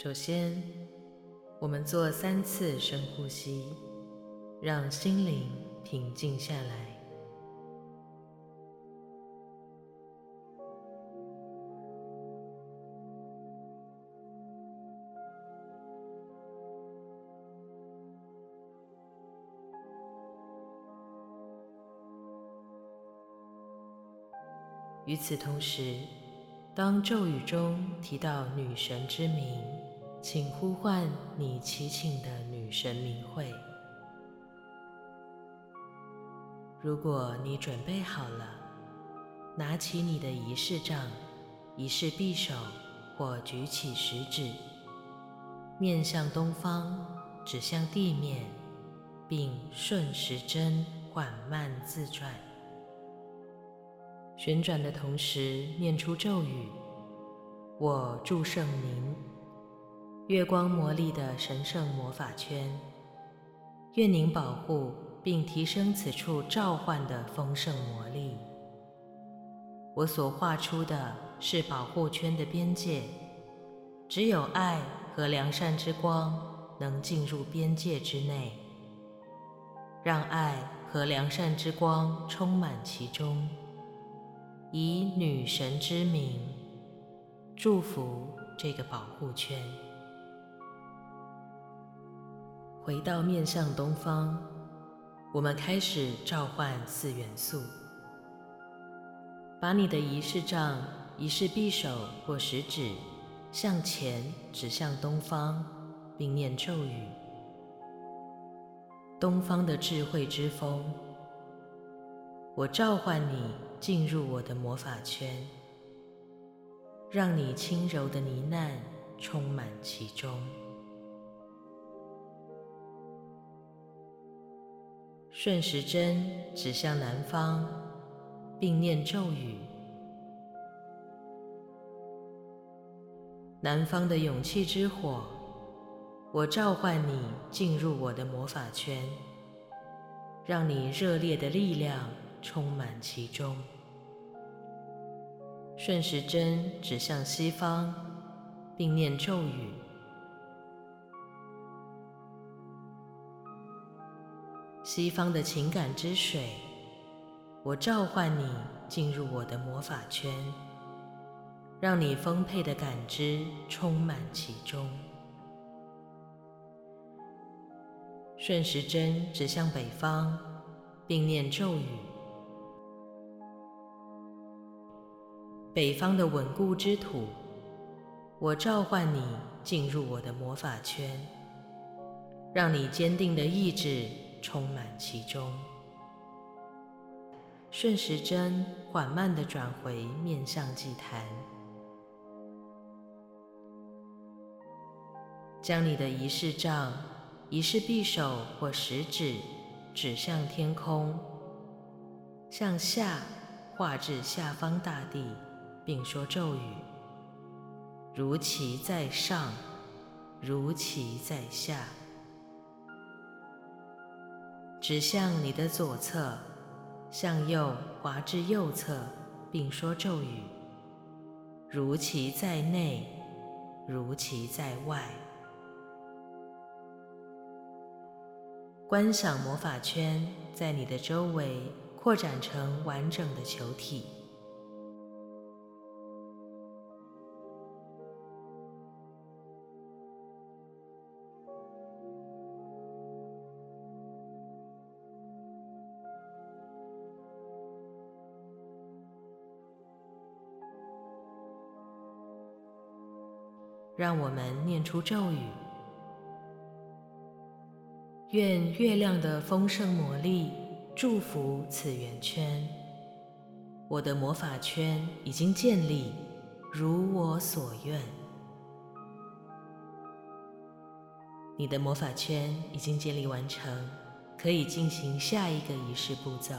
首先，我們做三次深呼吸，讓心靈平靜下來。與此同時，當咒語中提到女神之名，請呼喚你祈請的女神名諱。如果你準備好了，拿起你的儀式杖、儀式匕首或舉起食指，面向東方，指向地面，並順時針緩慢自轉。旋轉的同時念出咒語：“我祝聖您。”月光魔力的神聖魔法圈，願您保護並提升此處召喚的豐盛魔力。我所畫出的是保護圈的邊界，只有愛和良善之光能進入邊界之內。讓愛和良善之光充滿其中，以女神之名祝福這個保護圈。回到面向東方，我們開始召喚四元素。把你的儀式杖、儀式匕首或食指向前指向東方，並念咒語：“東方的智慧之風，我召喚你進入我的魔法圈，讓你輕柔的呢喃充滿其中。”順時針指向南方，並念咒語：“南方的勇氣之火，我召喚你進入我的魔法圈，讓你熱烈的力量充滿其中。”順時針指向西方，並念咒語。西方的情感之水，我召喚你進入我的魔法圈，讓你豐沛的感知充滿其中。順時針指向北方，並念咒語：北方的穩固之土，我召喚你進入我的魔法圈，讓你堅定的意志，充滿其中，順時針緩慢地轉回面向祭壇，將你的儀式杖、儀式匕首或食指指，指向天空，向下畫至下方大地，並說咒語：“如其在上，如其在下。”指向你的左側，向右滑至右側，並說咒語：“如其在內，如其在外。”觀想魔法圈在你的周圍擴展成完整的球體。讓我們念出咒語，願月亮的豐盛魔力祝福此圓圈。我的魔法圈已經建立，如我所願。你的魔法圈已經建立完成，可以進行下一個儀式步驟。